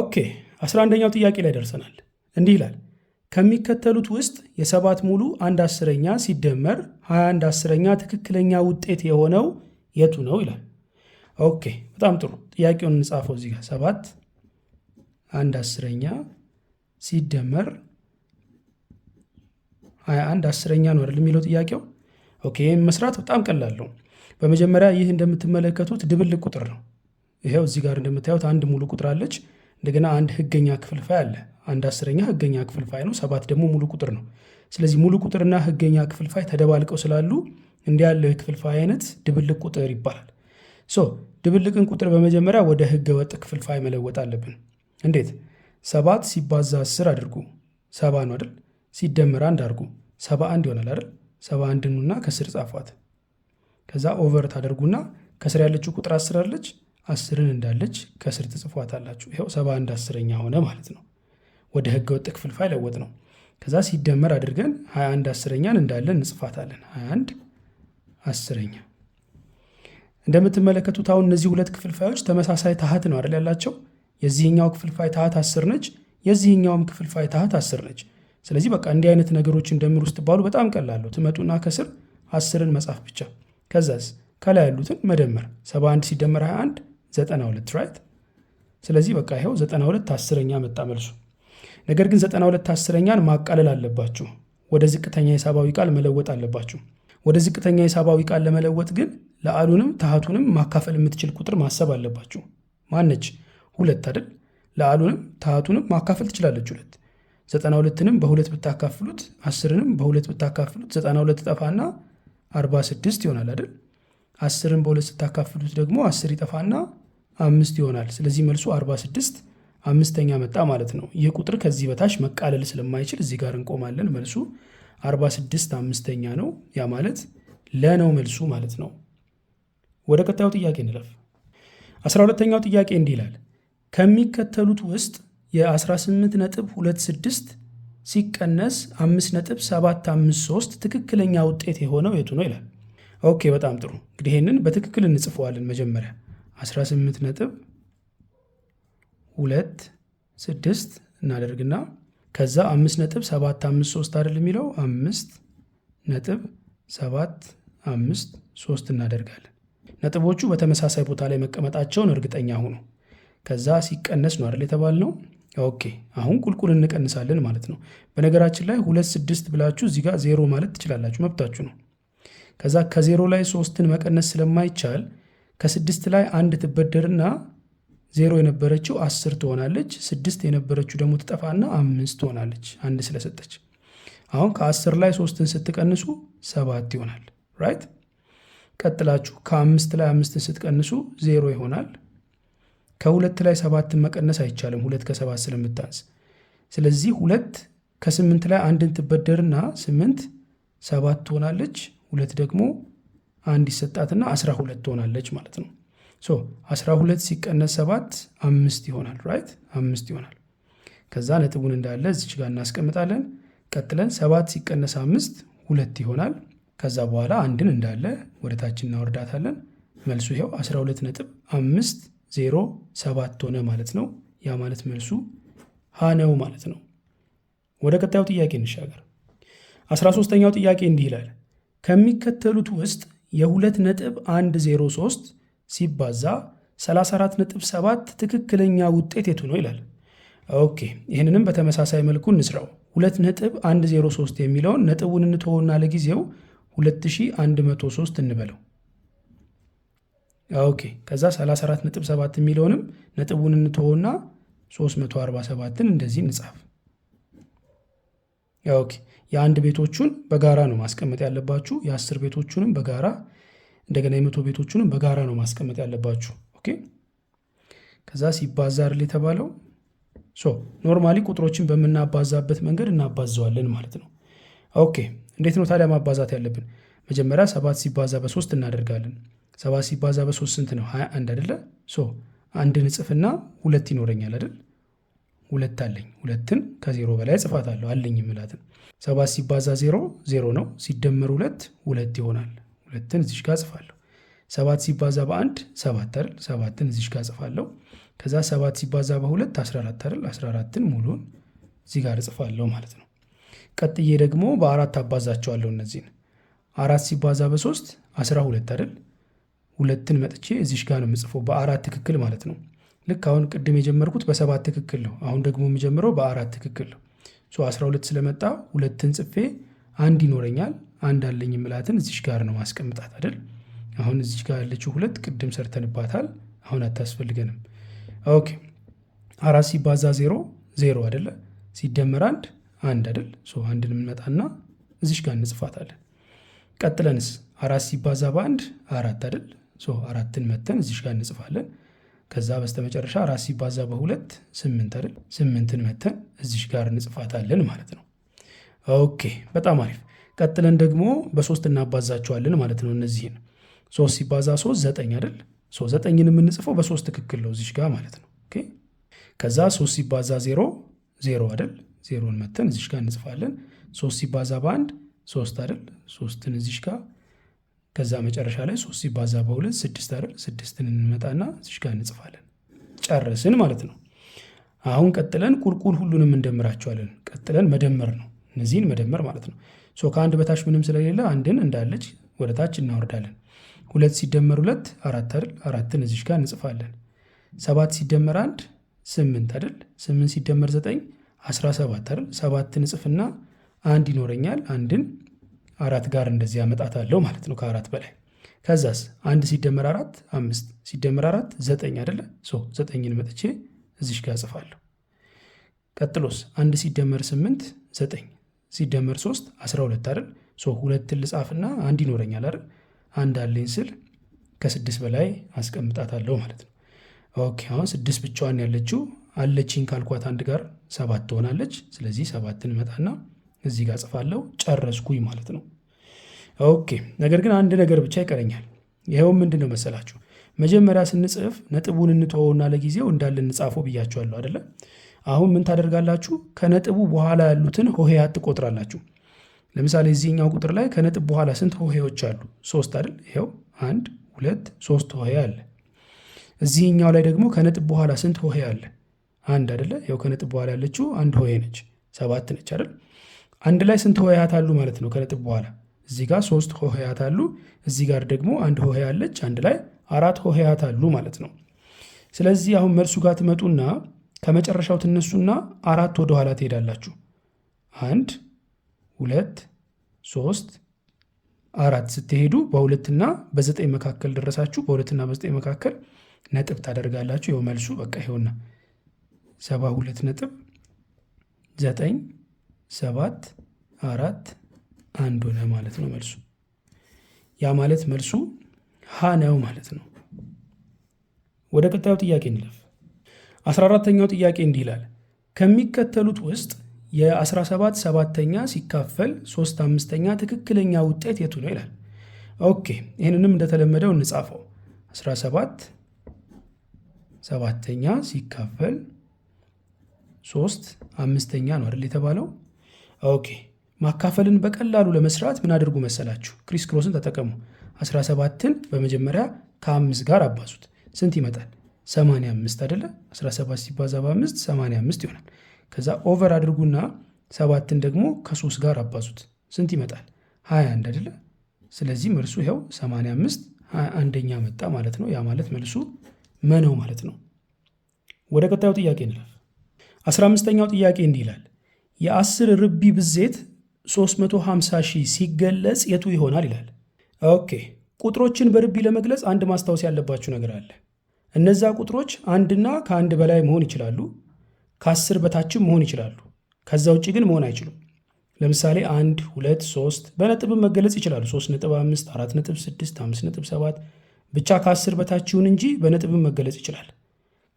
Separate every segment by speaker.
Speaker 1: ኦኬ አስራ አንደኛው ጥያቄ ላይ ደርሰናል። እንዲህ ይላል ከሚከተሉት ውስጥ የሰባት ሙሉ አንድ አስረኛ ሲደመር ሀያ አንድ አስረኛ ትክክለኛ ውጤት የሆነው የቱ ነው ይላል። ኦኬ በጣም ጥሩ ጥያቄውን እንጻፈው እዚህ ጋር ሰባት አንድ አስረኛ ሲደመር ሀያ አንድ አስረኛ ነው አይደል የሚለው ጥያቄው። ኦኬ ይህም መስራት በጣም ቀላለው። በመጀመሪያ ይህ እንደምትመለከቱት ድብልቅ ቁጥር ነው። ይኸው እዚህ ጋር እንደምታዩት አንድ ሙሉ ቁጥር አለች እንደገና አንድ ህገኛ ክፍልፋይ አለ። አንድ አስረኛ ህገኛ ክፍልፋይ ነው። ሰባት ደግሞ ሙሉ ቁጥር ነው። ስለዚህ ሙሉ ቁጥርና ህገኛ ክፍልፋይ ተደባልቀው ስላሉ እንዲህ ያለው የክፍልፋይ አይነት ድብልቅ ቁጥር ይባላል። ሶ ድብልቅን ቁጥር በመጀመሪያ ወደ ህገ ወጥ ክፍልፋይ መለወጥ አለብን። እንዴት? ሰባት ሲባዛ አስር አድርጉ። ሰባ ነው አይደል? ሲደመር አንድ አድርጉ። ሰባ አንድ ይሆናል አይደል? ሰባ አንድ አንድንና ከስር ጻፏት። ከዛ ኦቨር ታደርጉና ከስር ያለችው ቁጥር አስር አለች አስርን እንዳለች ከስር ትጽፏታላችሁ። ይኸው ሰባ አንድ አስረኛ ሆነ ማለት ነው። ወደ ህገ ወጥ ክፍልፋይ ለወጥ ነው። ከዛ ሲደመር አድርገን 21 አስረኛን እንዳለን እንጽፋታለን። 21 አስረኛ እንደምትመለከቱት አሁን እነዚህ ሁለት ክፍልፋዮች ተመሳሳይ ታህት ነው አይደል ያላቸው። የዚህኛው ክፍልፋይ ታህት አስር ነች፣ የዚህኛውም ክፍልፋይ ታህት አስር ነች። ስለዚህ በቃ እንዲህ አይነት ነገሮች ውስጥ ባሉ በጣም ቀላሉ ትመጡና ከስር አስርን መጻፍ ብቻ። ከዛስ ከላይ ያሉትን መደመር 71 ሲደመር 21 92 ራይት። ስለዚህ በቃ ይኸው 92 አስረኛ መጣ መልሱ። ነገር ግን 92 አስረኛን ማቃለል አለባችሁ። ወደ ዝቅተኛ ሂሳባዊ ቃል መለወጥ አለባችሁ። ወደ ዝቅተኛ ሂሳባዊ ቃል ለመለወጥ ግን ለአሉንም ታሃቱንም ማካፈል የምትችል ቁጥር ማሰብ አለባችሁ። ማነች? ሁለት አይደል? ለአሉንም ታሃቱንም ማካፈል ትችላለች ሁለት። ዘጠና ሁለትንም በሁለት ብታካፍሉት አስርንም በሁለት ብታካፍሉት 92 ጠፋና 46 አርባ ስድስት ይሆናል አይደል? አስርን በሁለት ስታካፍሉት ደግሞ አስር ይጠፋና አምስት ይሆናል። ስለዚህ መልሱ 46 አምስተኛ መጣ ማለት ነው። ይህ ቁጥር ከዚህ በታች መቃለል ስለማይችል እዚህ ጋር እንቆማለን። መልሱ 46 አምስተኛ ነው። ያ ማለት ለነው መልሱ ማለት ነው። ወደ ቀጣዩ ጥያቄ እንለፍ። 12ተኛው ጥያቄ እንዲህ ይላል ከሚከተሉት ውስጥ የ18.26 ሲቀነስ 5.753 ትክክለኛ ውጤት የሆነው የቱ ነው ይላል። ኦኬ በጣም ጥሩ እንግዲህ ይህንን በትክክል እንጽፈዋለን መጀመሪያ 18 ነጥብ ሁለት ስድስት እናደርግና ከዛ አምስት ነጥብ ሰባት አምስት ሶስት አይደል የሚለው አምስት ነጥብ ሰባት አምስት ሶስት እናደርጋለን። ነጥቦቹ በተመሳሳይ ቦታ ላይ መቀመጣቸውን እርግጠኛ ሁኑ። ከዛ ሲቀነስ ነው አይደል የተባልነው። ኦኬ አሁን ቁልቁል እንቀንሳለን ማለት ነው። በነገራችን ላይ ሁለት ስድስት ብላችሁ እዚህ ጋር ዜሮ ማለት ትችላላችሁ፣ መብታችሁ ነው። ከዛ ከዜሮ ላይ ሶስትን መቀነስ ስለማይቻል ከስድስት ላይ አንድ ትበደርና ዜሮ የነበረችው አስር ትሆናለች። ስድስት የነበረችው ደግሞ ትጠፋና አምስት ትሆናለች አንድ ስለሰጠች። አሁን ከአስር ላይ ሶስትን ስትቀንሱ ሰባት ይሆናል። ራይት ቀጥላችሁ ከአምስት ላይ አምስትን ስትቀንሱ ዜሮ ይሆናል። ከሁለት ላይ ሰባትን መቀነስ አይቻልም፣ ሁለት ከሰባት ስለምታንስ። ስለዚህ ሁለት ከስምንት ላይ አንድን ትበደርና ስምንት ሰባት ትሆናለች። ሁለት ደግሞ አንድ ይሰጣትና አስራ ሁለት ትሆናለች ማለት ነው። ሶ አስራ ሁለት ሲቀነስ ሰባት አምስት ይሆናል። ራይት አምስት ይሆናል። ከዛ ነጥቡን እንዳለ እዚች ጋር እናስቀምጣለን። ቀጥለን ሰባት ሲቀነስ አምስት ሁለት ይሆናል። ከዛ በኋላ አንድን እንዳለ ወደ ታች እናወርዳታለን። መልሱ ይኸው 12 ነጥብ አምስት ዜሮ ሰባት ሆነ ማለት ነው። ያ ማለት መልሱ ሀ ነው ማለት ነው። ወደ ቀጣዩ ጥያቄ እንሻገር። አስራ ሶስተኛው ጥያቄ እንዲህ ይላል ከሚከተሉት ውስጥ የ2.103 ሲባዛ 34.7 ትክክለኛ ውጤት የቱ ነው ይላል። ኦኬ ይህንንም በተመሳሳይ መልኩ እንስራው። 2.103 የሚለውን ነጥቡን እንትሆና ለጊዜው 2103 እንበለው። ኦኬ ከዛ 34.7 የሚለውንም ነጥቡን እንትሆና 347ን እንደዚህ እንጻፍ። ኦኬ የአንድ ቤቶቹን በጋራ ነው ማስቀመጥ ያለባችሁ። የአስር ቤቶቹንም በጋራ እንደገና የመቶ ቤቶቹንም በጋራ ነው ማስቀመጥ ያለባችሁ። ኦኬ ከዛ ሲባዛ የተባለው። ሶ ኖርማሊ ቁጥሮችን በምናባዛበት መንገድ እናባዘዋለን ማለት ነው። ኦኬ እንዴት ነው ታዲያ ማባዛት ያለብን? መጀመሪያ ሰባት ሲባዛ በሶስት እናደርጋለን። ሰባት ሲባዛ በሶስት ስንት ነው? ሀያ አንድ አይደለ? ሶ አንድን እጽፍና ሁለት ይኖረኛል አይደል? ሁለት አለኝ። ሁለትን ከዜሮ በላይ ጽፋታለሁ አለኝ የምላትን ሰባት ሲባዛ ዜሮ ዜሮ ነው። ሲደመር ሁለት ሁለት ይሆናል። ሁለትን እዚሽ ጋር ጽፋለሁ። ሰባት ሲባዛ በአንድ ሰባት አይደል? ሰባትን እዚሽ ጋር ጽፋለሁ። ከዛ ሰባት ሲባዛ በሁለት አስራ አራት አይደል? አስራ አራትን ሙሉን እዚህ ጋር ጽፋለሁ ማለት ነው። ቀጥዬ ደግሞ በአራት አባዛቸዋለሁ እነዚህን። አራት ሲባዛ በሶስት አስራ ሁለት አይደል? ሁለትን መጥቼ እዚሽ ጋር ነው የምጽፈው በአራት ትክክል ማለት ነው። ልክ አሁን ቅድም የጀመርኩት በሰባት ትክክል ነው። አሁን ደግሞ የምጀምረው በአራት ትክክል ነው። 12 ስለመጣ ሁለትን ጽፌ አንድ ይኖረኛል። አንድ አለኝ የምላትን እዚች ጋር ነው ማስቀምጣት አይደል? አሁን እዚች ጋር ያለችው ሁለት ቅድም ሰርተንባታል። አሁን አታስፈልገንም። ኦኬ አራት ሲባዛ ዜሮ ዜሮ አይደለ? ሲደመር አንድ አንድ አይደል? አንድን የምንመጣና እዚች ጋር እንጽፋታለን። ቀጥለንስ አራት ሲባዛ በአንድ አራት አይደል? አራትን መተን እዚች ጋር እንጽፋለን። ከዛ በስተመጨረሻ ራስ ሲባዛ በሁለት ስምንት አይደል? ስምንትን መተን እዚሽ ጋር እንጽፋታለን ማለት ነው። ኦኬ በጣም አሪፍ። ቀጥለን ደግሞ በሶስት እናባዛቸዋለን ማለት ነው። እነዚህን ሶስት ሲባዛ ሶስት ዘጠኝ አይደል? ዘጠኝን የምንጽፈው በሶስት ትክክል ነው እዚሽ ጋር ማለት ነው። ኦኬ ከዛ ሶስት ሲባዛ ዜሮ ዜሮ አይደል? ዜሮን መተን እዚሽ ጋር እንጽፋለን። ሶስት ሲባዛ በአንድ ሶስት አይደል? ሶስትን እዚሽ ጋር ከዛ መጨረሻ ላይ ሶስት ሲባዛ በሁለት ስድስት አይደል? ስድስትን እንመጣና እዚህ ጋር እንጽፋለን። ጨረስን ማለት ነው። አሁን ቀጥለን ቁልቁል ሁሉንም እንደምራቸዋለን። ቀጥለን መደመር ነው፣ እነዚህን መደመር ማለት ነው። ሶ ከአንድ በታች ምንም ስለሌለ አንድን እንዳለች ወደ ታች እናወርዳለን። ሁለት ሲደመር ሁለት አራት አይደል? አራትን እዚህ ጋር እንጽፋለን። ሰባት ሲደመር አንድ ስምንት አይደል? ስምንት ሲደመር ዘጠኝ አስራ ሰባት አይደል? ሰባትን እጽፍና አንድ ይኖረኛል። አንድን አራት ጋር እንደዚህ አመጣታለሁ ማለት ነው ከአራት በላይ ከዛስ አንድ ሲደመር አራት አምስት ሲደመር አራት ዘጠኝ አይደለ ሶ ዘጠኝን መጥቼ እዚሽ ጋር ጽፋለሁ ቀጥሎስ አንድ ሲደመር ስምንት ዘጠኝ ሲደመር ሶስት አስራ ሁለት አይደል ሶ ሁለትን ልጻፍና አንድ ይኖረኛል አይደል አንድ አለኝ ስል ከስድስት በላይ አስቀምጣታለሁ ማለት ነው ኦኬ አሁን ስድስት ብቻዋን ያለችው አለችኝ ካልኳት አንድ ጋር ሰባት ትሆናለች ስለዚህ ሰባትን መጣና እዚህ ጋር ጽፋለሁ ጨረስኩኝ ማለት ነው። ኦኬ ነገር ግን አንድ ነገር ብቻ ይቀረኛል። ይኸውም ምንድን ነው መሰላችሁ? መጀመሪያ ስንጽፍ ነጥቡን እንተወውና ለጊዜው እንዳለ እንጻፈው ብያችኋለሁ አደለ? አሁን ምን ታደርጋላችሁ? ከነጥቡ በኋላ ያሉትን ሆሄያት ትቆጥራላችሁ። ለምሳሌ እዚህኛው ቁጥር ላይ ከነጥብ በኋላ ስንት ሆሄዎች አሉ? ሶስት አይደል? ይኸው አንድ ሁለት ሶስት ሆሄ አለ። እዚህኛው ላይ ደግሞ ከነጥብ በኋላ ስንት ሆሄ አለ? አንድ አደለ? ይኸው ከነጥብ በኋላ ያለችው አንድ ሆሄ ነች፣ ሰባት ነች አይደል? አንድ ላይ ስንት ሆሄያት አሉ ማለት ነው? ከነጥብ በኋላ እዚህ ጋር ሶስት ሆሄያት አሉ። እዚህ ጋር ደግሞ አንድ ሆሄ አለች። አንድ ላይ አራት ሆሄያት አሉ ማለት ነው። ስለዚህ አሁን መልሱ ጋር ትመጡና ከመጨረሻው ትነሱና አራት ወደ ኋላ ትሄዳላችሁ። አንድ ሁለት ሶስት አራት ስትሄዱ በሁለትና በዘጠኝ መካከል ደረሳችሁ። በሁለትና በዘጠኝ መካከል ነጥብ ታደርጋላችሁ። ይኸው መልሱ በቃ ይኸውና ሰባ ሁለት ነጥብ ዘጠኝ ሰባት አራት አንድ ሆነ ማለት ነው መልሱ። ያ ማለት መልሱ ሀ ነው ማለት ነው። ወደ ቀጣዩ ጥያቄ እንለፍ። አስራ አራተኛው ጥያቄ እንዲህ ይላል ከሚከተሉት ውስጥ የ17 ሰባተኛ ሲካፈል ሶስት አምስተኛ ትክክለኛ ውጤት የቱ ነው ይላል። ኦኬ ይህንንም እንደተለመደው እንጻፈው 17 ሰባተኛ ሲካፈል ሶስት አምስተኛ ነው አይደል የተባለው ኦኬ ማካፈልን በቀላሉ ለመስራት ምን አድርጉ መሰላችሁ? ክሪስ ክሮስን ተጠቀሙ። 17ን በመጀመሪያ ከአምስት ጋር አባዙት። ስንት ይመጣል? 85 አደለ? 17 ሲባዛ በአምስት 85 ይሆናል። ከዛ ኦቨር አድርጉና ሰባትን ደግሞ ከሶስት ጋር አባዙት። ስንት ይመጣል? 21 አደለ? ስለዚህ መልሱ ይኸው 85 አንደኛ መጣ ማለት ነው። ያ ማለት መልሱ መነው ማለት ነው። ወደ ቀጣዩ ጥያቄ እንለፍ። አስራ አምስተኛው ጥያቄ እንዲህ ይላል የአስር ርቢ ብዜት 350 ሺህ ሲገለጽ የቱ ይሆናል ይላል። ኦኬ ቁጥሮችን በርቢ ለመግለጽ አንድ ማስታወስ ያለባችሁ ነገር አለ። እነዛ ቁጥሮች አንድና ከአንድ በላይ መሆን ይችላሉ፣ ከአስር በታችም መሆን ይችላሉ። ከዛ ውጭ ግን መሆን አይችሉም። ለምሳሌ አንድ ሁለት ሶስት በነጥብም መገለጽ ይችላሉ። ሶስት ነጥብ አምስት አራት ነጥብ ስድስት አምስት ነጥብ ሰባት ብቻ ከአስር በታች ይሁን እንጂ በነጥብም መገለጽ ይችላል።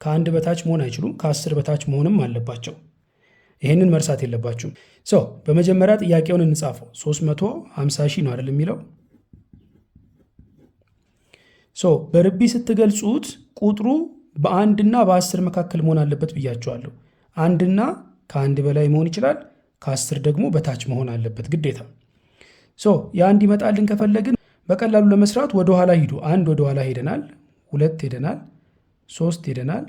Speaker 1: ከአንድ በታች መሆን አይችሉም፣ ከአስር በታች መሆንም አለባቸው። ይህንን መርሳት የለባችሁም። ሰው በመጀመሪያ ጥያቄውን እንጻፈው። 350 ሺህ ነው አይደል የሚለው ሰው በርቢ ስትገልጹት ቁጥሩ በአንድና በአስር መካከል መሆን አለበት ብያቸዋለሁ። አንድና ከአንድ በላይ መሆን ይችላል፣ ከአስር ደግሞ በታች መሆን አለበት ግዴታ። ሶ የአንድ ይመጣልን ከፈለግን በቀላሉ ለመስራት ወደኋላ ሂዱ። አንድ ወደኋላ ሄደናል፣ ሁለት ሄደናል፣ ሶስት ሄደናል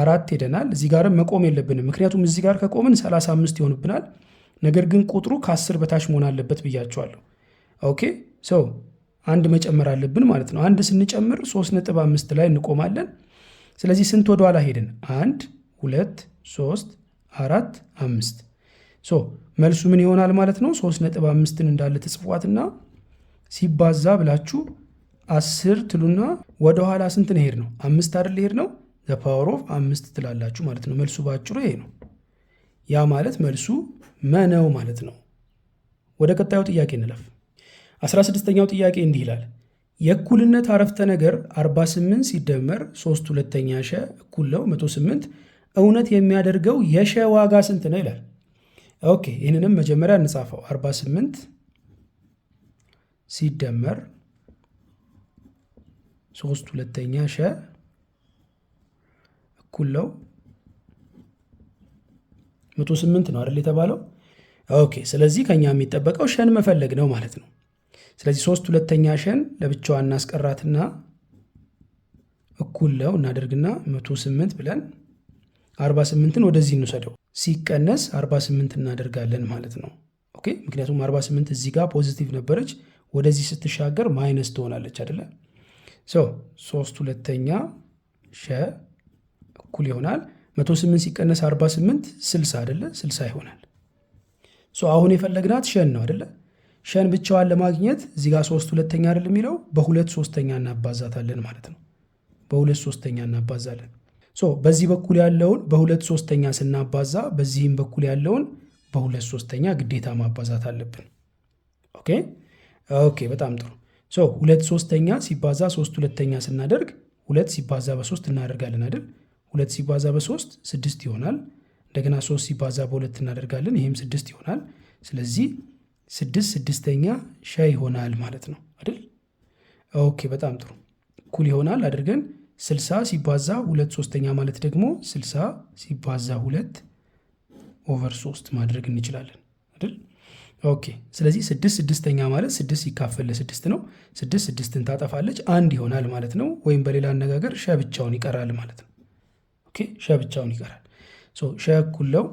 Speaker 1: አራት ሄደናል። እዚህ ጋርም መቆም የለብንም ምክንያቱም እዚህ ጋር ከቆምን 35 ይሆንብናል። ነገር ግን ቁጥሩ ከአስር በታች መሆን አለበት ብያቸዋለሁ። ኦኬ ሰው አንድ መጨመር አለብን ማለት ነው። አንድ ስንጨምር 3.5 ላይ እንቆማለን። ስለዚህ ስንት ወደ ኋላ ሄድን? አንድ ሁለት ሶስት አራት አምስት ሶ መልሱ ምን ይሆናል ማለት ነው? 3.5ን እንዳለ ተጽፏትና ሲባዛ ብላችሁ አስር ትሉና ወደኋላ ስንት ነው ሄድ ነው? አምስት አይደል ሄድ ነው ፓወር ኦፍ አምስት ትላላችሁ ማለት ነው። መልሱ በአጭሩ ይሄ ነው። ያ ማለት መልሱ መነው ማለት ነው። ወደ ቀጣዩ ጥያቄ እንለፍ። 16 16ኛው ጥያቄ እንዲህ ይላል የእኩልነት አረፍተ ነገር 48 ሲደመር 3 ሁለተኛ ሸ እኩል ነው 108 እውነት የሚያደርገው የሸ ዋጋ ስንት ነው ይላል። ኦኬ ይህንንም መጀመሪያ እንጻፈው 48 ሲደመር 3 ሁለተኛ ሸ ኩላው መቶ ስምንት ነው አይደል የተባለው? ኦኬ። ስለዚህ ከኛ የሚጠበቀው ሸን መፈለግ ነው ማለት ነው። ስለዚህ ሶስት ሁለተኛ ሸን ለብቻዋ እናስቀራትና ነው እናደርግና መቶ ስምንት ብለን አርባ ስምንትን ወደዚህ እንውሰደው ሲቀነስ አርባ ስምንት እናደርጋለን ማለት ነው። ኦኬ። ምክንያቱም አርባ ስምንት እዚህ ጋር ፖዚቲቭ ነበረች፣ ወደዚህ ስትሻገር ማይነስ ትሆናለች አይደለ? ሶ ሶስት ሁለተኛ ሸ እኩል ይሆናል 108 ሲቀነስ 48 60 አይደለ? 60 ይሆናል። አሁን የፈለግናት ሸን ነው አደለ ሸን ብቻዋን ለማግኘት እዚህ ጋር ሶስት ሁለተኛ አደለ የሚለው በሁለት ሶስተኛ እናባዛታለን ማለት ነው። በሁለት ሶስተኛ እናባዛለን። በዚህ በኩል ያለውን በሁለት ሶስተኛ ስናባዛ በዚህም በኩል ያለውን በሁለት ሶስተኛ ግዴታ ማባዛት አለብን። ኦኬ ኦኬ፣ በጣም ጥሩ። ሁለት ሶስተኛ ሲባዛ ሶስት ሁለተኛ ስናደርግ ሁለት ሲባዛ በሶስት እናደርጋለን አይደል? ሁለት ሲባዛ በሶስት ስድስት ይሆናል። እንደገና ሶስት ሲባዛ በሁለት እናደርጋለን። ይህም ስድስት ይሆናል። ስለዚህ ስድስት ስድስተኛ ሸ ይሆናል ማለት ነው አይደል? ኦኬ በጣም ጥሩ እኩል ይሆናል አድርገን ስልሳ ሲባዛ ሁለት ሶስተኛ ማለት ደግሞ ስልሳ ሲባዛ ሁለት ኦቨር ሶስት ማድረግ እንችላለን አይደል? ኦኬ ስለዚህ ስድስት ስድስተኛ ማለት ስድስት ሲካፈል ለስድስት ነው። ስድስት ስድስትን ታጠፋለች አንድ ይሆናል ማለት ነው። ወይም በሌላ አነጋገር ሸ ብቻውን ይቀራል ማለት ነው። ሸ ብቻውን ይቀራል። ሸ ኩለው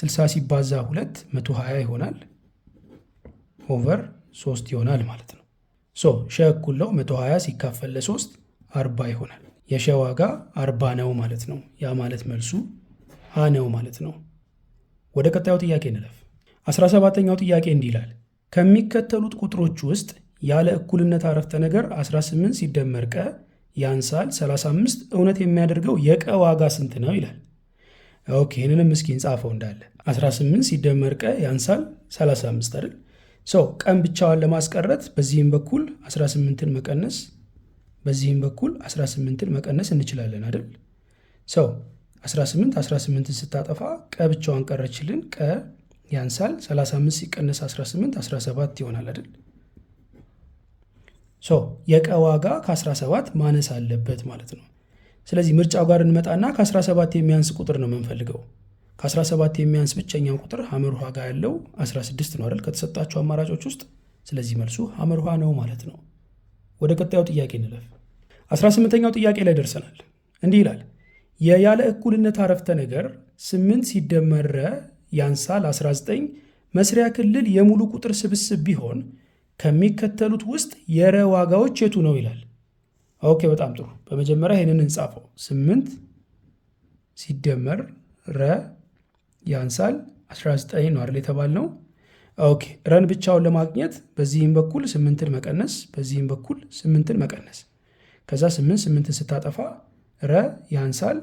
Speaker 1: 60 ሲባዛ ሁለት 120 ይሆናል ኦቨር 3 ይሆናል ማለት ነው። ሶ ሸ እኩለው 120 ሲካፈል ለ3 40 ይሆናል። የሸ ዋጋ 40 ነው ማለት ነው። ያ ማለት መልሱ ሀ ነው ማለት ነው። ወደ ቀጣዩ ጥያቄ እንለፍ። 17ኛው ጥያቄ እንዲህ ይላል ከሚከተሉት ቁጥሮች ውስጥ ያለ እኩልነት አረፍተ ነገር 18 ሲደመር ቀ ያንሳል። 35 እውነት የሚያደርገው የቀ ዋጋ ስንት ነው ይላል። ኦኬ ይህንንም እስኪ ጻፈው እንዳለ 18 ሲደመር ቀ ያንሳል 35 አይደል? ሰው ቀን ብቻዋን ለማስቀረት በዚህም በኩል 18ን መቀነስ በዚህም በኩል 18ን መቀነስ እንችላለን አይደል? ሰው 18 18 ስታጠፋ ቀ ብቻዋን ቀረችልን። ቀ ያንሳል 35 ሲቀነስ 18 17 ይሆናል አይደል? ሶ የቀ ዋጋ ከ17 ማነስ አለበት ማለት ነው። ስለዚህ ምርጫው ጋር እንመጣና ከ17 የሚያንስ ቁጥር ነው የምንፈልገው። ከ17 የሚያንስ ብቸኛው ቁጥር ሀመር ውሃ ጋር ያለው 16 ነው አይደል? ከተሰጣቸው አማራጮች ውስጥ ስለዚህ መልሱ ሀመር ውሃ ነው ማለት ነው። ወደ ቀጣዩ ጥያቄ እንለፍ። 18ኛው ጥያቄ ላይ ደርሰናል። እንዲህ ይላል የያለ እኩልነት አረፍተ ነገር 8 ሲደመረ ያንሳል 19 መስሪያ ክልል የሙሉ ቁጥር ስብስብ ቢሆን ከሚከተሉት ውስጥ የረ ዋጋዎች የቱ ነው ይላል። ኦኬ በጣም ጥሩ። በመጀመሪያ ይህንን እንጻፈው። ስምንት ሲደመር ረ ያንሳል 19 ነው አይደል የተባልነው? ኦኬ ረን ብቻውን ለማግኘት በዚህም በኩል ስምንትን መቀነስ፣ በዚህም በኩል ስምንትን መቀነስ። ከዛ ስምንት ስምንትን ስታጠፋ ረ ያንሳል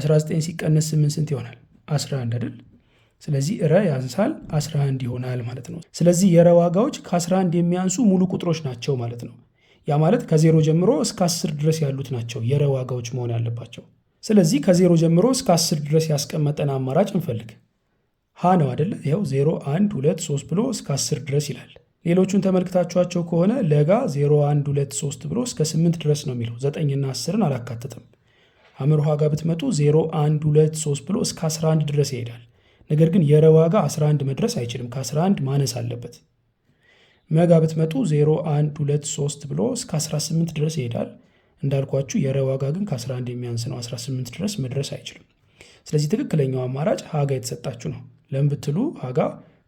Speaker 1: 19 ሲቀነስ ስምንት ስንት ይሆናል? 11 አይደል ስለዚህ ረ ያንሳል 11 ይሆናል ማለት ነው። ስለዚህ የረ ዋጋዎች ከ11 የሚያንሱ ሙሉ ቁጥሮች ናቸው ማለት ነው። ያ ማለት ከዜሮ ጀምሮ እስከ 10 ድረስ ያሉት ናቸው የረ ዋጋዎች መሆን ያለባቸው። ስለዚህ ከዜሮ ጀምሮ እስከ 10 ድረስ ያስቀመጠን አማራጭ እንፈልግ። ሀ ነው አደለ? ይኸው 0 1 2 3 ብሎ እስከ 10 ድረስ ይላል። ሌሎቹን ተመልክታችኋቸው ከሆነ ለጋ 0 1 2 3 ብሎ እስከ 8 ድረስ ነው የሚለው 9 ዘጠኝና 10ን አላካተተም። አምር ዋጋ ብትመጡ 0 1 2 3 ብሎ እስከ 11 ድረስ ይሄዳል። ነገር ግን የረ ዋጋ 11 መድረስ አይችልም። ከ11 ማነስ አለበት። መጋ ብትመጡ 0 1 2 3 ብሎ እስከ 18 ድረስ ይሄዳል። እንዳልኳችሁ የረ ዋጋ ግን ከ11 የሚያንስ ነው። 18 ድረስ መድረስ አይችልም። ስለዚህ ትክክለኛው አማራጭ ሀጋ የተሰጣችሁ ነው። ለምን ብትሉ ሀጋ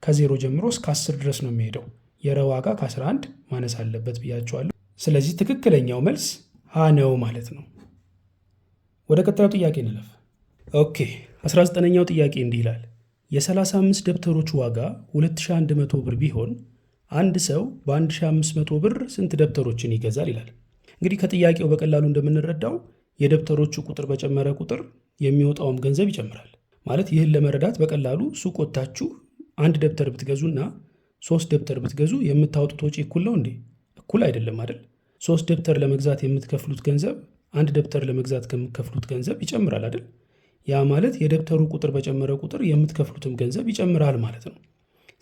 Speaker 1: ከዜሮ ጀምሮ እስከ 10 ድረስ ነው የሚሄደው። የረ ዋጋ ከ11 ማነስ አለበት ብያችኋለሁ። ስለዚህ ትክክለኛው መልስ ሀ ነው ማለት ነው። ወደ ቀጣዩ ጥያቄ እንለፍ። ኦኬ 19ኛው ጥያቄ እንዲህ ይላል የ35 ደብተሮች ዋጋ 2100 ብር ቢሆን አንድ ሰው በ1500 ብር ስንት ደብተሮችን ይገዛል ይላል። እንግዲህ ከጥያቄው በቀላሉ እንደምንረዳው የደብተሮቹ ቁጥር በጨመረ ቁጥር የሚወጣውም ገንዘብ ይጨምራል። ማለት ይህን ለመረዳት በቀላሉ ሱቅ ወጥታችሁ አንድ ደብተር ብትገዙና ሶስት ደብተር ብትገዙ የምታወጡት ወጪ እኩል ነው እንዴ? እኩል አይደለም አይደል? ሶስት ደብተር ለመግዛት የምትከፍሉት ገንዘብ አንድ ደብተር ለመግዛት ከምትከፍሉት ገንዘብ ይጨምራል አይደል? ያ ማለት የደብተሩ ቁጥር በጨመረ ቁጥር የምትከፍሉትም ገንዘብ ይጨምራል ማለት ነው።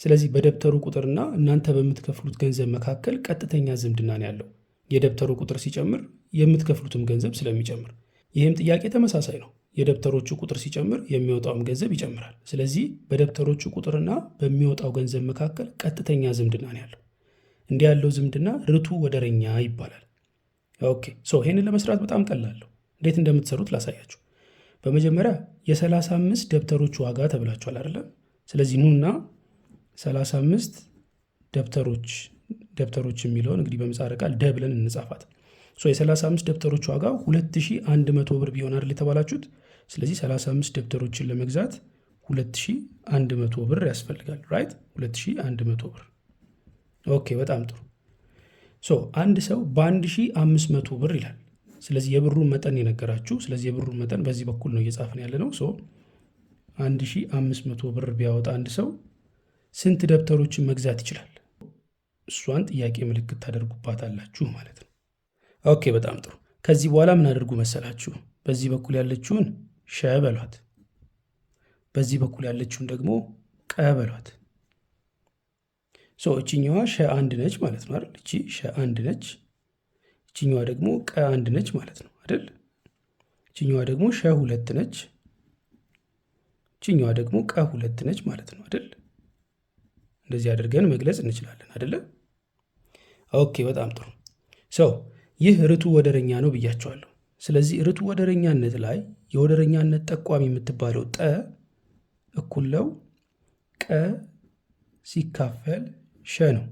Speaker 1: ስለዚህ በደብተሩ ቁጥርና እናንተ በምትከፍሉት ገንዘብ መካከል ቀጥተኛ ዝምድና ነው ያለው። የደብተሩ ቁጥር ሲጨምር የምትከፍሉትም ገንዘብ ስለሚጨምር፣ ይህም ጥያቄ ተመሳሳይ ነው። የደብተሮቹ ቁጥር ሲጨምር የሚወጣውም ገንዘብ ይጨምራል። ስለዚህ በደብተሮቹ ቁጥርና በሚወጣው ገንዘብ መካከል ቀጥተኛ ዝምድና ነው ያለው። እንዲህ ያለው ዝምድና ርቱ ወደረኛ ይባላል። ኦኬ ሶ ይህንን ለመስራት በጣም ቀላል እንዴት እንደምትሰሩት ላሳያችሁ። በመጀመሪያ የ35 ደብተሮች ዋጋ ተብላችኋል አይደለም። ስለዚህ ኑና 35 ደብተሮች ደብተሮች የሚለውን እንግዲህ በምህጻረ ቃል ደ ብለን እንጻፋት። የ35 ደብተሮች ዋጋ 2100 ብር ቢሆን አይደል የተባላችሁት። ስለዚህ 35 ደብተሮችን ለመግዛት 2100 ብር ያስፈልጋል። ራይት 2100 ብር። ኦኬ በጣም ጥሩ። አንድ ሰው በ1500 ብር ይላል ስለዚህ የብሩን መጠን የነገራችሁ ስለዚህ የብሩን መጠን በዚህ በኩል ነው እየጻፍን ያለ ነው። ሶ 1500 ብር ቢያወጣ አንድ ሰው ስንት ደብተሮችን መግዛት ይችላል? እሷን ጥያቄ ምልክት ታደርጉባታላችሁ ማለት ነው። ኦኬ በጣም ጥሩ። ከዚህ በኋላ ምን አድርጉ መሰላችሁ? በዚህ በኩል ያለችውን ሸ በሏት፣ በዚህ በኩል ያለችውን ደግሞ ቀ በሏት። ሶ እችኛዋ ሸ አንድ ነች ማለት ነው አይደል? እቺ ሸ አንድ ነች ችኛዋ ደግሞ ቀ አንድ ነች ማለት ነው አይደል? ችኛዋ ደግሞ ሸ ሁለት ነች። ችኛዋ ደግሞ ቀ ሁለት ነች ማለት ነው አይደል? እንደዚህ አድርገን መግለጽ እንችላለን አይደለ? ኦኬ በጣም ጥሩ ሰው ይህ ርቱ ወደረኛ ነው ብያቸዋለሁ። ስለዚህ ርቱ ወደረኛነት ላይ የወደረኛነት ጠቋሚ የምትባለው ጠ እኩለው ቀ ሲካፈል ሸ ነው።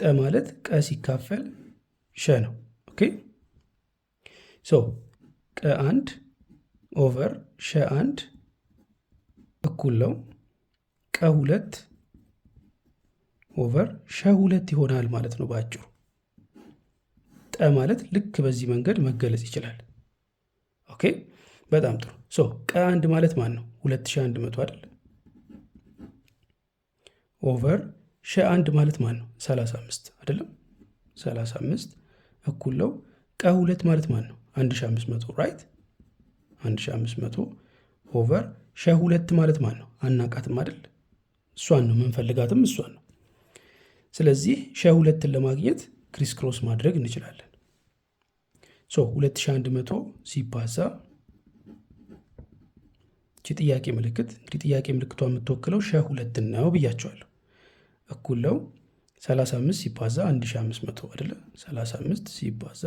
Speaker 1: ጠ ማለት ቀ ሲካፈል ሸ ነው። ኦኬ ሶ ቀ አንድ ኦቨር ሸ አንድ እኩል ነው ቀ ሁለት ኦቨር ሸ ሁለት ይሆናል ማለት ነው በአጭሩ። ጠ ማለት ልክ በዚህ መንገድ መገለጽ ይችላል። ኦኬ በጣም ጥሩ። ሶ ቀ አንድ ማለት ማን ነው? ሁለት ሺ አንድ መቶ አይደል? ኦቨር ሸ አንድ ማለት ማን ነው? ሰላሳ አምስት አይደለም? ሰላሳ አምስት እኩል ነው ቀ ሁለት ማለት ማለት ነው 1500 ራይት 1500 ኦቨር ሸ ሁለት ማለት ማለት ነው አናቃትም አይደል እሷን ነው ምንፈልጋትም እሷን ነው ስለዚህ ሸ ሁለትን ለማግኘት ክሪስ ክሮስ ማድረግ እንችላለን ሶ 2100 ሲባዛ ቺ ጥያቄ ምልክት እንግዲህ ጥያቄ ምልክቷ የምትወክለው ሸ ሁለትን ነው ብያቸዋለሁ እኩል ነው 35 ሲባዛ 1500 አይደለ? 35 ሲባዛ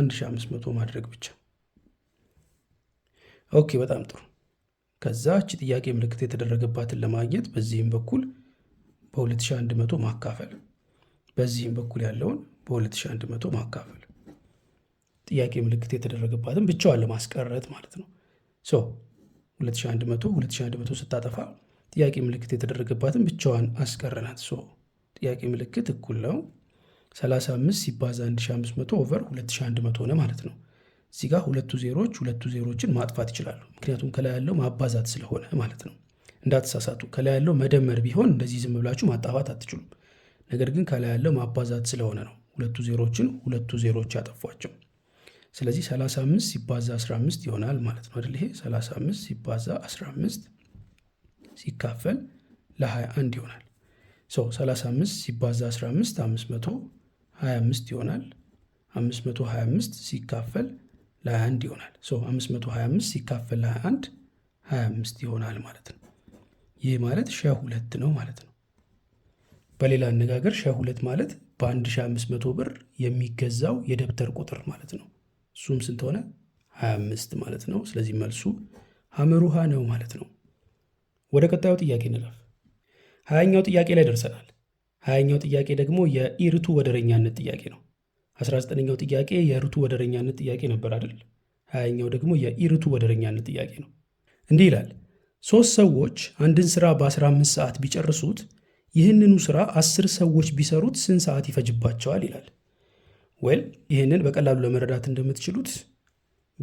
Speaker 1: 1500 ማድረግ ብቻ። ኦኬ፣ በጣም ጥሩ። ከዛ እቺ ጥያቄ ምልክት የተደረገባትን ለማግኘት በዚህም በኩል በ2100 ማካፈል፣ በዚህም በኩል ያለውን በ2100 ማካፈል ጥያቄ ምልክት የተደረገባትን ብቻዋን ለማስቀረት ማለት ነው። ሶ 2100 2100 ስታጠፋ ጥያቄ ምልክት የተደረገባትን ብቻዋን አስቀረናት። ጥያቄ ምልክት እኩል ነው 35 ሲባዛ 1500 ኦቨር 2100 ሆነ ማለት ነው። እዚህ ጋር ሁለቱ ዜሮች ሁለቱ ዜሮችን ማጥፋት ይችላሉ። ምክንያቱም ከላይ ያለው ማባዛት ስለሆነ ማለት ነው። እንዳትሳሳቱ ከላይ ያለው መደመር ቢሆን እንደዚህ ዝም ብላችሁ ማጣፋት አትችሉም። ነገር ግን ከላይ ያለው ማባዛት ስለሆነ ነው ሁለቱ ዜሮችን ሁለቱ ዜሮች ያጠፏቸው። ስለዚህ 35 ሲባዛ 15 ይሆናል ማለት ነው አይደል? ይሄ 35 ሲባዛ 15 ሲካፈል ለ21 ይሆናል። 35 ሲባዛ 15 525 ይሆናል። 525 ሲካፈል ለ21 ይሆናል። 525 ሲካፈል ለ21 25 ይሆናል ማለት ነው። ይህ ማለት ሺህ ሁለት ነው ማለት ነው። በሌላ አነጋገር ሺህ ሁለት ማለት በ1500 ብር የሚገዛው የደብተር ቁጥር ማለት ነው። እሱም ስንት ሆነ? 25 ማለት ነው። ስለዚህ መልሱ ሐመሩሃ ነው ማለት ነው። ወደ ቀጣዩ ጥያቄ እንለፍ። ሀያኛው ጥያቄ ላይ ደርሰናል። ሀያኛው ጥያቄ ደግሞ የኢርቱ ወደረኛነት ጥያቄ ነው። 19ኛው ጥያቄ የርቱ ወደረኛነት ጥያቄ ነበር አይደል? ሀያኛው ደግሞ የኢርቱ ወደረኛነት ጥያቄ ነው። እንዲህ ይላል ሶስት ሰዎች አንድን ስራ በ15 ሰዓት ቢጨርሱት ይህንኑ ስራ አስር ሰዎች ቢሰሩት ስንት ሰዓት ይፈጅባቸዋል ይላል። ወል ይህንን በቀላሉ ለመረዳት እንደምትችሉት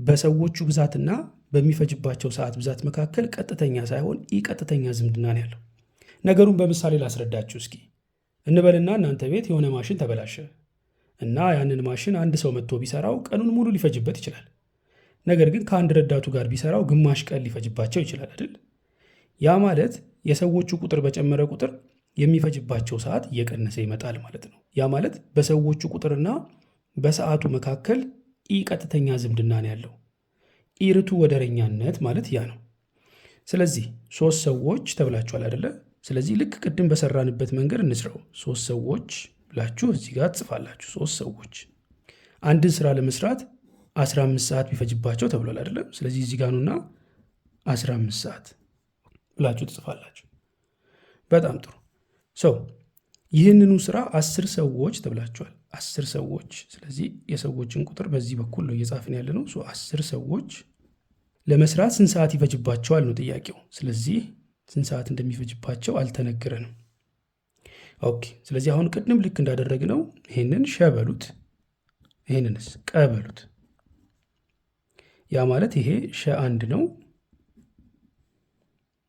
Speaker 1: በሰዎቹ ብዛትና በሚፈጅባቸው ሰዓት ብዛት መካከል ቀጥተኛ ሳይሆን ኢ ቀጥተኛ ዝምድና ነው ያለው። ነገሩን በምሳሌ ላስረዳችሁ እስኪ። እንበልና እናንተ ቤት የሆነ ማሽን ተበላሸ እና ያንን ማሽን አንድ ሰው መጥቶ ቢሰራው ቀኑን ሙሉ ሊፈጅበት ይችላል። ነገር ግን ከአንድ ረዳቱ ጋር ቢሰራው ግማሽ ቀን ሊፈጅባቸው ይችላል አይደል? ያ ማለት የሰዎቹ ቁጥር በጨመረ ቁጥር የሚፈጅባቸው ሰዓት እየቀነሰ ይመጣል ማለት ነው። ያ ማለት በሰዎቹ ቁጥርና በሰዓቱ መካከል ኢ ቀጥተኛ ዝምድና ነው ያለው። ኢርቱ ወደረኛነት ማለት ያ ነው። ስለዚህ ሶስት ሰዎች ተብላችኋል አደለ? ስለዚህ ልክ ቅድም በሰራንበት መንገድ እንስራው። ሶስት ሰዎች ብላችሁ እዚህ ጋር ትጽፋላችሁ። ሶስት ሰዎች አንድን ስራ ለመስራት 15 ሰዓት ቢፈጅባቸው ተብሏል አይደለም? ስለዚህ እዚህ ጋር ኑና 15 ሰዓት ብላችሁ ትጽፋላችሁ። በጣም ጥሩ ሰው ይህንኑ ስራ አስር ሰዎች ተብላችኋል። አስር ሰዎች ስለዚህ የሰዎችን ቁጥር በዚህ በኩል ነው እየጻፍን ያለ ነው። አስር ሰዎች ለመስራት ስንት ሰዓት ይፈጅባቸዋል ነው ጥያቄው። ስለዚህ ስንት ሰዓት እንደሚፈጅባቸው አልተነገረንም። ኦኬ ስለዚህ አሁን ቅድም ልክ እንዳደረግነው ይህንን ሸበሉት፣ ይህንንስ ቀበሉት። ያ ማለት ይሄ ሸ አንድ ነው፣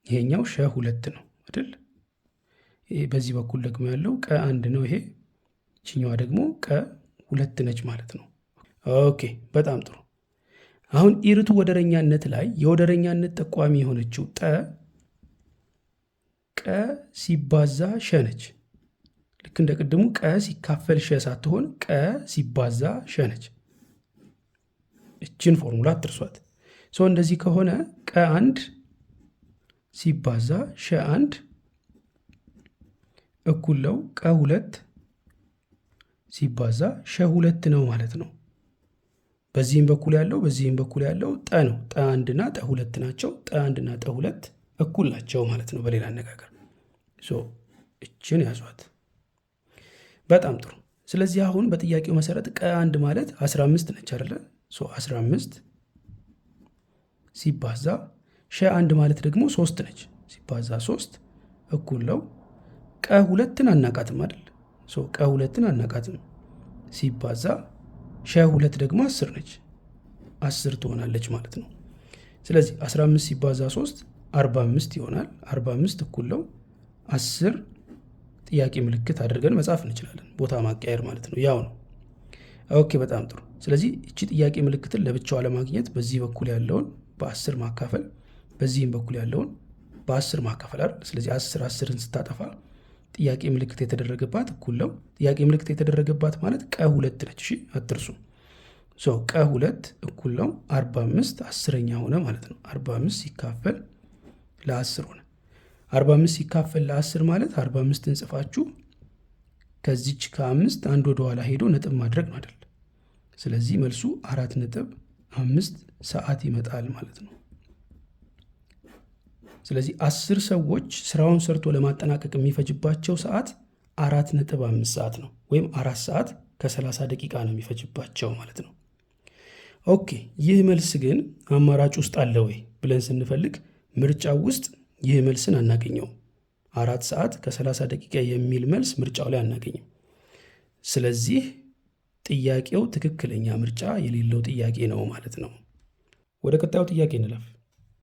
Speaker 1: ይሄኛው ሸ ሁለት ነው አይደል? በዚህ በኩል ደግሞ ያለው ቀ አንድ ነው፣ ይሄ ችኛዋ ደግሞ ቀ ሁለት ነች ማለት ነው። ኦኬ በጣም ጥሩ። አሁን ኢርቱ ወደረኛነት ላይ የወደረኛነት ጠቋሚ የሆነችው ጠ ቀ ሲባዛ ሸ ነች። ልክ እንደ ቅድሙ ቀ ሲካፈል ሸ ሳትሆን ቀ ሲባዛ ሸ ነች። እችን ፎርሙላ አትርሷት። ሰው እንደዚህ ከሆነ ቀ አንድ ሲባዛ ሸ አንድ እኩል ለው ቀ ሁለት ሲባዛ ሸ ሁለት ነው ማለት ነው። በዚህም በኩል ያለው በዚህም በኩል ያለው ጠ ነው። ጠ አንድና ጠ ሁለት ናቸው። ጠ አንድና ጠ ሁለት እኩል ናቸው ማለት ነው በሌላ አነጋገር እችን ያዟት። በጣም ጥሩ። ስለዚህ አሁን በጥያቄው መሰረት ቀ አንድ ማለት 15 ነች አይደለ? 15 ሲባዛ ሸ አንድ ማለት ደግሞ ሶስት ነች ሲባዛ ሶስት እኩል ነው ቀ ሁለትን አናቃትም አይደል? ቀ ሁለትን አናቃትም ሲባዛ ሸ ሁለት ደግሞ አስር ነች አስር ትሆናለች ማለት ነው። ስለዚህ 15 ሲባዛ 3 45 ይሆናል። 45 እኩል ነው አስር ጥያቄ ምልክት አድርገን መጻፍ እንችላለን። ቦታ ማቀያየር ማለት ነው። ያው ነው። ኦኬ፣ በጣም ጥሩ። ስለዚህ እቺ ጥያቄ ምልክትን ለብቻዋ ለማግኘት በዚህ በኩል ያለውን በአስር ማካፈል፣ በዚህም በኩል ያለውን በአስር ማካፈል አይደል? ስለዚህ አስር አስርን ስታጠፋ ጥያቄ ምልክት የተደረገባት እኩል ነው። ጥያቄ ምልክት የተደረገባት ማለት ቀ ሁለት ነች። እሺ አትርሱ። ቀ ሁለት እኩል ነው አርባ አምስት አስረኛ ሆነ ማለት ነው። አርባ አምስት ሲካፈል ለአስር ሆነ። 45 ሲካፈል ለ10 ማለት 45 እንጽፋችሁ ከዚች ከአምስት አንድ ወደ ኋላ ሄዶ ነጥብ ማድረግ ነው አይደል? ስለዚህ መልሱ አራት ነጥብ አምስት ሰዓት ይመጣል ማለት ነው። ስለዚህ አስር ሰዎች ስራውን ሰርቶ ለማጠናቀቅ የሚፈጅባቸው ሰዓት አራት ነጥብ አምስት ሰዓት ነው ወይም አራት ሰዓት ከሰላሳ ደቂቃ ነው የሚፈጅባቸው ማለት ነው። ኦኬ ይህ መልስ ግን አማራጭ ውስጥ አለ ወይ ብለን ስንፈልግ ምርጫው ውስጥ ይህ መልስን አናገኘውም። አራት ሰዓት ከ30 ደቂቃ የሚል መልስ ምርጫው ላይ አናገኝም። ስለዚህ ጥያቄው ትክክለኛ ምርጫ የሌለው ጥያቄ ነው ማለት ነው። ወደ ቀጣዩ ጥያቄ እንለፍ።